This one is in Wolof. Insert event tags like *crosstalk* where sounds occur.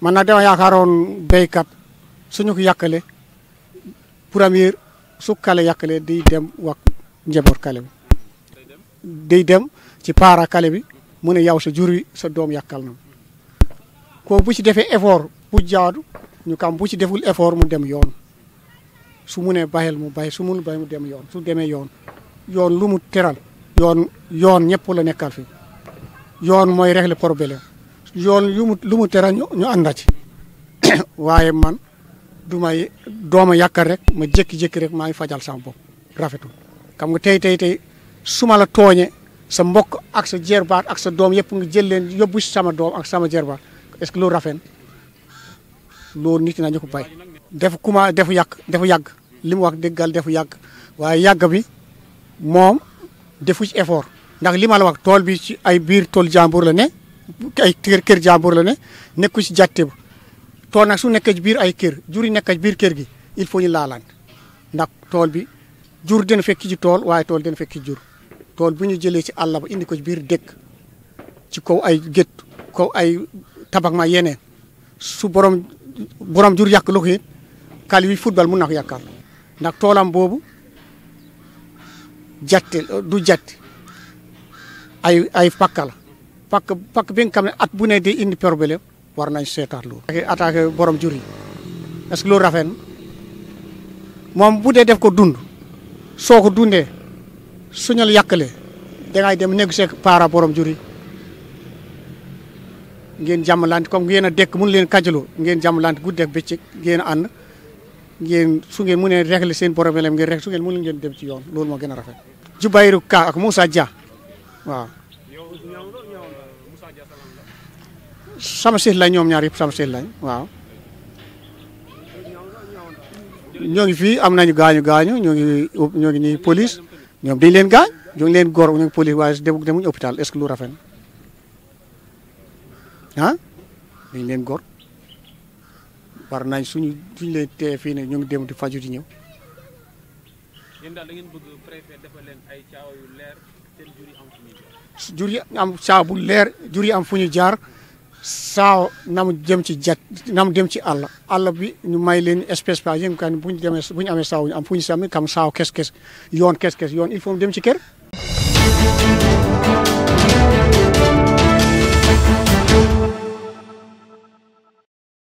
man nag dama yaakaaroon béykat suñu ko yàqale premier su kale yàqale day dem wax njaboot kale bi day dem ci paara kale bi mu ne yow sa jur wi sa doom yàqal na ko bu ci defee effort bu jaadu ñu kam bu ci deful effort mu dem yoon su munee ne mu bay su mun bay mu dem yoon su demee yoon yoon lu mu teral yoon yoon ñëpp la nekkal fi yoon mooy régler problème yoon yu mu lu mu tere ñu ñu ci *coughs* waaye man du may dooma yàkkar rek ma jékki-jékki rek maa ngi fajal sama bopp rafetul xam nga tey tey tey su ma la tooñee sa mbokk ak sa jerbaat ak sa doom yëpp nga jël leen yóbbu si sama doom ak sama jerbaat est-ce que loolu rafet loolu nit nañu ko bay def kuma def yàq defu yàgg li mu wax déggal defu yàgg waaye yàgg bi moom defu ci effort ndax li ma la wax tool bi ci ay biir tool jàmbur la ne ay kër kër jàmbur la ne nekku ci jàtte bu tool nag su nekkee ci biir ay kër jur yi nekk ci biir kër gi il faut ñu laalaan ndax tool bi jur dina fekk ci tool waaye tool dina fekk ci jur tool bu ñu jëlee ci àll ba indi ko ci biir dëkk ci kaw ay gét kaw ay tabax ma yeneen su borom borom jur yàq la ko it kal yi football mun na ko yàqal ndax toolam boobu jatte du jatte ay ay pakka la pak pakk bi nga at bu ne di indi problème war nañ seetaat loolu. attaqué borom jur yi est-ce que loolu rafet bu dee def ko dund soo ko dundee suñu la yàqalee dangay dem négocier para borom jur yi jam jàmmalante comme ngeen a dekk mun leen kajaloo ngeen jàmmalante gen bëccëg ngeen ànd ngeen su ngeen mënee régler seen problème ngeen rek su ngeen dem ci yoon loolu rafet. Jubayru Ka ak musa Dia waaw sama sih lañ nyom nyari sama sih lain. Wow. ñoo ngi am nañu gaañu gaañu ñoo ngi ñoo ngi nii police ñoom dañ leen gaañ ñoo leen gor ñoo polis, police waaye dem demuñu hôpital est ce que lu rafet ah leen gor par nañ suñu suñu leen tee fii ne ñoo dem di faju di da ngeen bëgg préfet defal leen ay yu leer jur am saa bu leer jur yi am fu ñu jaar saa nam dem ci jat nam dem ci àll àll bi ñu may leen espèce par exemple kan bu ñu demee bu ñu amee saa am fu ñu sàmmi kam saa kes kes yoon kes kes yoon il faut dem ci kër.